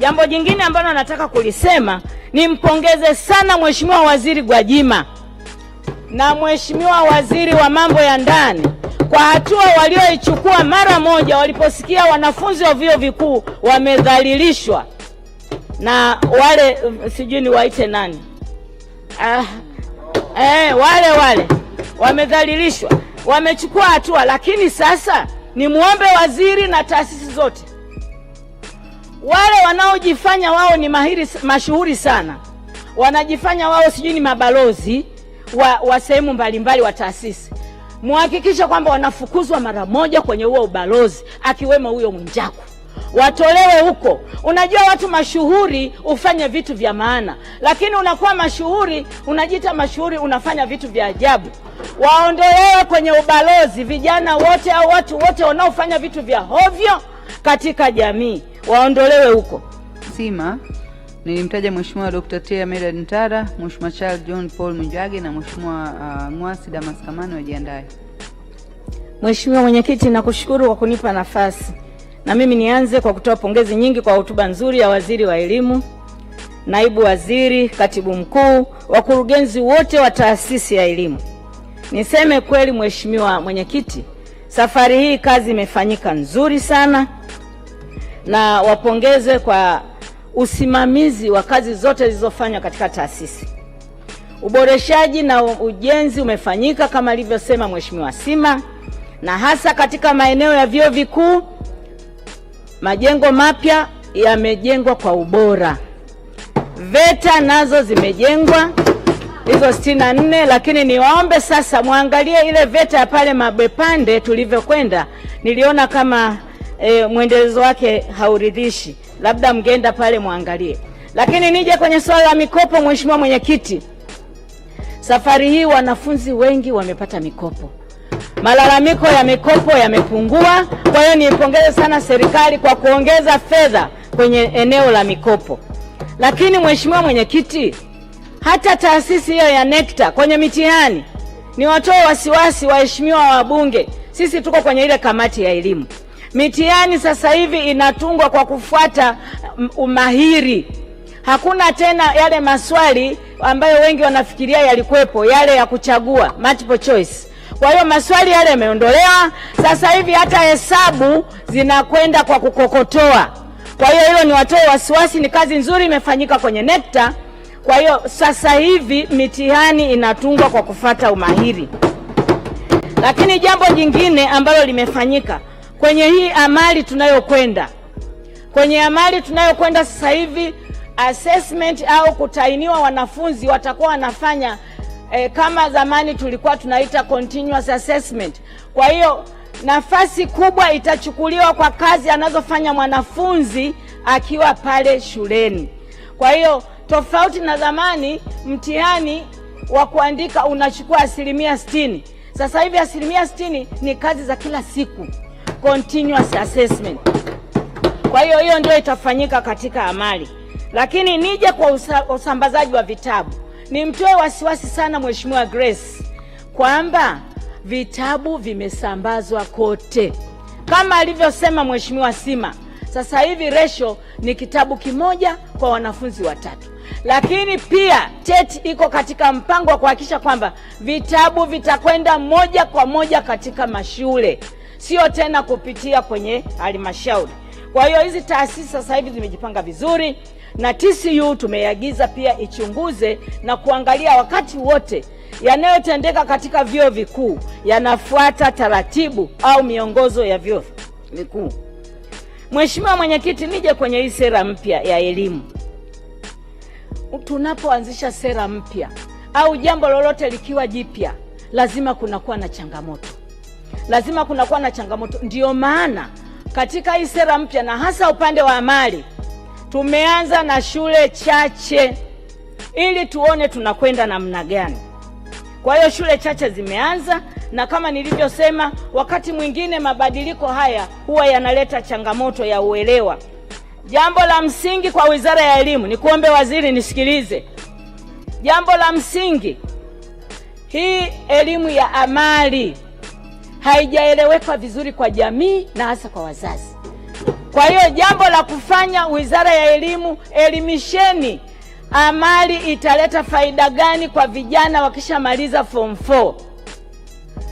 Jambo jingine ambalo nataka kulisema, nimpongeze sana Mheshimiwa Waziri Gwajima na Mheshimiwa Waziri wa mambo ya ndani kwa hatua walioichukua mara moja waliposikia wanafunzi wa vyuo vikuu wamedhalilishwa na wale sijui niwaite nani, ah, eh, wale wale wamedhalilishwa, wamechukua hatua. Lakini sasa nimwombe waziri na taasisi zote wale wanaojifanya wao ni mahiri mashuhuri sana, wanajifanya wao sijui ni mabalozi wa, wa sehemu mbalimbali wa taasisi, muhakikishe kwamba wanafukuzwa mara moja kwenye huo ubalozi, akiwemo huyo Mwijaku watolewe huko. Unajua, watu mashuhuri ufanye vitu vya maana, lakini unakuwa mashuhuri, unajiita mashuhuri, unafanya vitu vya ajabu. Waondolewe kwenye ubalozi, vijana wote au watu wote wanaofanya vitu vya hovyo katika jamii waondolewe huko. Sima nilimtaja Mheshimiwa Dr. Tia Medard Ntara, Mheshimiwa Charles John Paul Mwijage na Mheshimiwa uh, Ng'wasi Damas Kamani wajiandae. Mheshimiwa Mwenyekiti, nakushukuru kwa kunipa nafasi, na mimi nianze kwa kutoa pongezi nyingi kwa hotuba nzuri ya Waziri wa Elimu, Naibu Waziri, Katibu Mkuu, wakurugenzi wote wa taasisi ya elimu. Niseme kweli Mheshimiwa Mwenyekiti, safari hii kazi imefanyika nzuri sana na wapongeze kwa usimamizi wa kazi zote zilizofanywa katika taasisi. Uboreshaji na ujenzi umefanyika kama alivyosema Mheshimiwa Sima, na hasa katika maeneo ya vyuo vikuu majengo mapya yamejengwa kwa ubora. VETA nazo zimejengwa hizo sitini nne, lakini niwaombe sasa mwangalie ile VETA ya pale Mabwepande tulivyokwenda, niliona kama e, eh, mwendelezo wake hauridhishi, labda mngeenda pale mwangalie. Lakini nije kwenye swala la mikopo, Mheshimiwa Mwenyekiti, safari hii wanafunzi wengi wamepata mikopo, malalamiko ya mikopo yamepungua. Kwa hiyo niipongeze sana serikali kwa kuongeza fedha kwenye eneo la mikopo. Lakini Mheshimiwa Mwenyekiti, hata taasisi hiyo ya NECTA kwenye mitihani, ni watoe wasiwasi waheshimiwa wabunge, sisi tuko kwenye ile kamati ya elimu. Mitihani sasa hivi inatungwa kwa kufuata mm, umahiri. Hakuna tena yale maswali ambayo wengi wanafikiria yalikuwepo, yale ya kuchagua multiple choice. Kwa hiyo maswali yale yameondolewa, sasa hivi hata hesabu zinakwenda kwa kukokotoa. Kwa hiyo hilo ni watoe wasiwasi, ni kazi nzuri imefanyika kwenye NECTA. Kwa hiyo sasa hivi mitihani inatungwa kwa kufata umahiri. Lakini jambo jingine ambalo limefanyika kwenye hii amali tunayokwenda kwenye amali tunayokwenda sasa hivi, assessment au kutainiwa wanafunzi watakuwa wanafanya eh, kama zamani tulikuwa tunaita continuous assessment. Kwa hiyo nafasi kubwa itachukuliwa kwa kazi anazofanya mwanafunzi akiwa pale shuleni. Kwa hiyo tofauti na zamani, mtihani wa kuandika unachukua asilimia sitini, sasa hivi asilimia sitini ni kazi za kila siku continuous assessment. Kwa hiyo hiyo ndio itafanyika katika amali, lakini nije kwa usa, usambazaji wa vitabu nimtoe wasiwasi sana Mheshimiwa Grace kwamba vitabu vimesambazwa kote kama alivyosema Mheshimiwa Sima. Sasa hivi resho ni kitabu kimoja kwa wanafunzi watatu, lakini pia TET iko katika mpango wa kuhakikisha kwamba vitabu vitakwenda moja kwa moja katika mashule sio tena kupitia kwenye halmashauri. Kwa hiyo hizi taasisi sasa hivi zimejipanga vizuri, na TCU tumeiagiza pia ichunguze na kuangalia wakati wote yanayotendeka katika vyuo vikuu yanafuata taratibu au miongozo ya vyuo vikuu. Mheshimiwa Mwenyekiti, nije kwenye hii sera mpya ya elimu. Tunapoanzisha sera mpya au jambo lolote likiwa jipya, lazima kunakuwa na changamoto lazima kunakuwa na changamoto. ndio maana katika hii sera mpya na hasa upande wa amali tumeanza na shule chache ili tuone tunakwenda namna gani. Kwa hiyo shule chache zimeanza, na kama nilivyosema, wakati mwingine mabadiliko haya huwa yanaleta changamoto ya uelewa. Jambo la msingi kwa Wizara ya Elimu, nikuombe waziri nisikilize. Jambo la msingi, hii elimu ya amali haijaeleweka vizuri kwa jamii na hasa kwa wazazi. Kwa hiyo jambo la kufanya, wizara ya elimu, elimisheni amali italeta faida gani kwa vijana wakishamaliza form 4.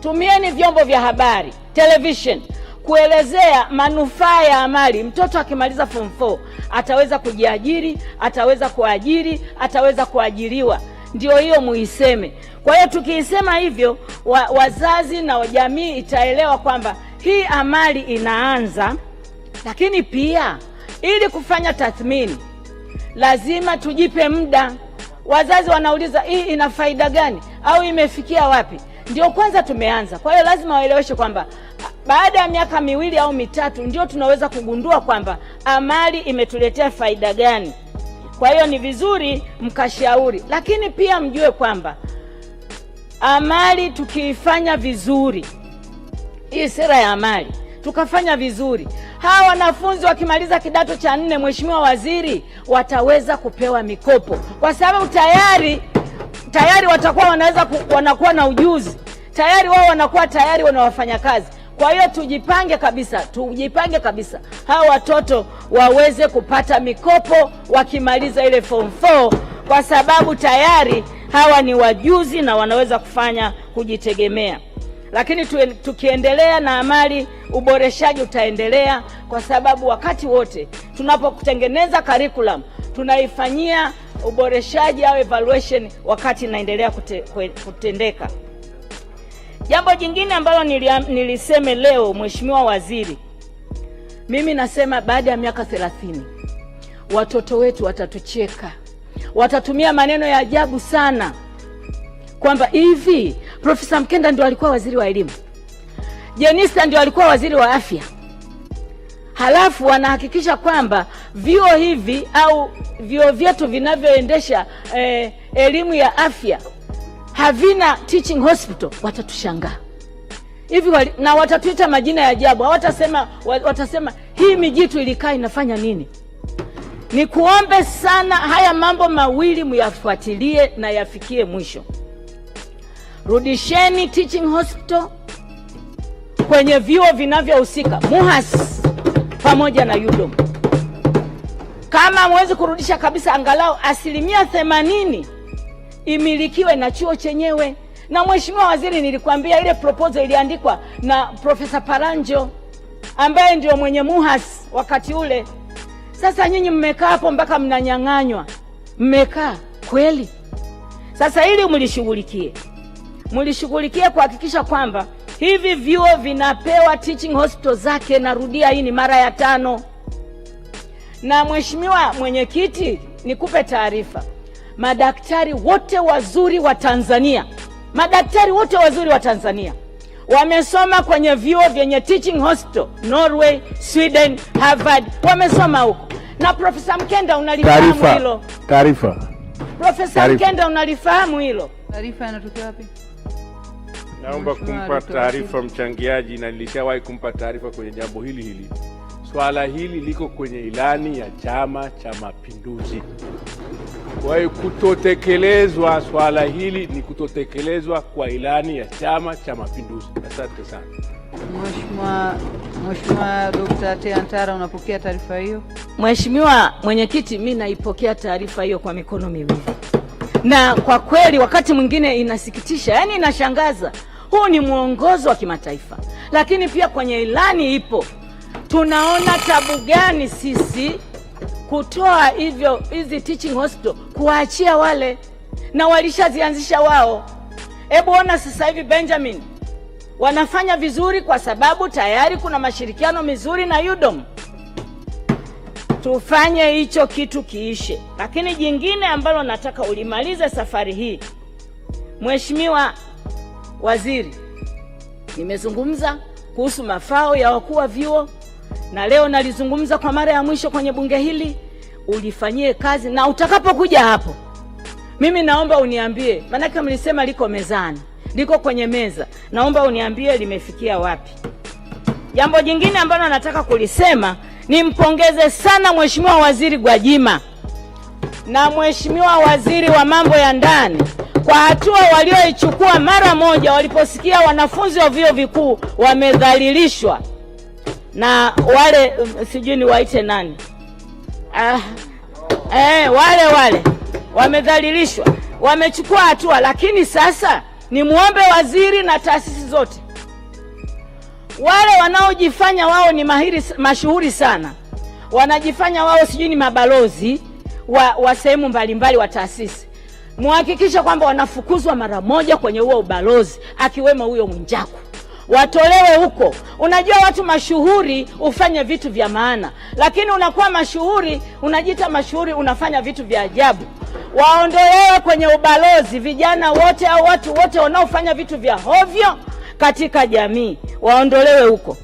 Tumieni vyombo vya habari, television kuelezea manufaa ya amali. Mtoto akimaliza form 4 ataweza kujiajiri, ataweza kuajiri, ataweza kuajiriwa ndio hiyo muiseme. Kwa hiyo tukiisema hivyo wa, wazazi na jamii itaelewa kwamba hii amali inaanza, lakini pia ili kufanya tathmini lazima tujipe muda. Wazazi wanauliza hii ina faida gani au imefikia wapi? Ndio kwanza tumeanza. Kwa hiyo lazima waeleweshe kwamba baada ya miaka miwili au mitatu ndio tunaweza kugundua kwamba amali imetuletea faida gani. Kwa hiyo ni vizuri mkashauri, lakini pia mjue kwamba amali tukiifanya vizuri, hii sera ya amali tukafanya vizuri, hawa wanafunzi wakimaliza kidato cha nne, Mheshimiwa Waziri, wataweza kupewa mikopo kwa sababu tayari tayari watakuwa wanaweza ku, wanakuwa na ujuzi tayari, wao wanakuwa tayari wana wafanyakazi. Kwa hiyo tujipange kabisa, tujipange kabisa, hawa watoto waweze kupata mikopo wakimaliza ile form 4 kwa sababu tayari hawa ni wajuzi na wanaweza kufanya kujitegemea. Lakini tukiendelea na amali, uboreshaji utaendelea, kwa sababu wakati wote tunapotengeneza curriculum tunaifanyia uboreshaji au evaluation wakati inaendelea kute, kutendeka. Jambo jingine ambalo niliseme leo, Mheshimiwa Waziri, mimi nasema baada ya miaka thelathini watoto wetu watatucheka, watatumia maneno ya ajabu sana kwamba hivi Profesa Mkenda ndio alikuwa waziri wa elimu, Jenista ndio alikuwa waziri wa afya, halafu wanahakikisha kwamba vyuo hivi au vyuo vyetu vinavyoendesha eh, elimu ya afya havina teaching hospital, watatushangaa hivi na watatuita majina ya ajabu, hawatasema watasema hii mijitu ilikaa inafanya nini? Ni kuombe sana, haya mambo mawili myafuatilie na yafikie mwisho. Rudisheni teaching hospital kwenye vyuo vinavyohusika MUHAS pamoja na yudom Kama mwezi kurudisha kabisa, angalau asilimia themanini imilikiwe na chuo chenyewe. Na mheshimiwa waziri, nilikwambia ile proposal iliandikwa na Profesa Paranjo ambaye ndio mwenye MUHAS wakati ule. Sasa nyinyi mmekaa hapo mpaka mnanyang'anywa, mmekaa kweli? Sasa ili mlishughulikie, mlishughulikie kuhakikisha kwamba hivi vyuo vinapewa teaching hospital zake. Narudia, hii ni mara ya tano. Na mheshimiwa mwenyekiti, nikupe taarifa. Madaktari wote wazuri wa Tanzania, madaktari wote wazuri wa Tanzania wamesoma kwenye vyuo vyenye teaching hospital Norway, Sweden, Harvard, wamesoma huko. Na Profesa Mkenda unalifahamu hilo? Taarifa. Profesa Mkenda unalifahamu hilo? Taarifa inatokea wapi? Naomba kumpa taarifa mchangiaji, na nilishawahi kumpa taarifa kwenye jambo hili hili. Swala hili liko kwenye ilani ya Chama cha Mapinduzi. Kwa hiyo kutotekelezwa swala hili ni kutotekelezwa kwa ilani ya Chama cha Mapinduzi. Asante sana Mheshimiwa Dkt. Teantara, unapokea taarifa hiyo? Mheshimiwa Mwenyekiti, mi naipokea taarifa hiyo kwa mikono miwili, na kwa kweli wakati mwingine inasikitisha, yaani inashangaza. Huu ni mwongozo wa kimataifa, lakini pia kwenye ilani ipo. Tunaona tabu gani sisi kutoa hivyo hizi teaching hospital kuwaachia wale, na walishazianzisha wao. Hebu ona sasa hivi Benjamin wanafanya vizuri kwa sababu tayari kuna mashirikiano mizuri na UDOM. Tufanye hicho kitu kiishe. Lakini jingine ambalo nataka ulimalize safari hii, Mheshimiwa Waziri, nimezungumza kuhusu mafao ya wakuu wa vyuo na leo nalizungumza kwa mara ya mwisho kwenye bunge hili, ulifanyie kazi, na utakapokuja hapo, mimi naomba uniambie, maanake mlisema liko mezani, liko kwenye meza. Naomba uniambie limefikia wapi. Jambo jingine ambalo nataka kulisema, nimpongeze sana Mheshimiwa Waziri Gwajima na Mheshimiwa Waziri wa Mambo ya Ndani kwa hatua walioichukua mara moja waliposikia wanafunzi wa vyuo vikuu wamedhalilishwa na wale sijui ni waite nani ah, eh, wale wale wamedhalilishwa, wamechukua hatua, lakini sasa nimwombe waziri na taasisi zote, wale wanaojifanya wao ni mahiri mashuhuri sana, wanajifanya wao sijui ni mabalozi wa, wa sehemu mbalimbali wa taasisi, muhakikishe kwamba wanafukuzwa mara moja kwenye huo ubalozi, akiwemo huyo Mwijaku watolewe huko. Unajua watu mashuhuri ufanye vitu vya maana, lakini unakuwa mashuhuri, unajiita mashuhuri, unafanya vitu vya ajabu. Waondolewe kwenye ubalozi, vijana wote au watu wote wanaofanya vitu vya hovyo katika jamii waondolewe huko.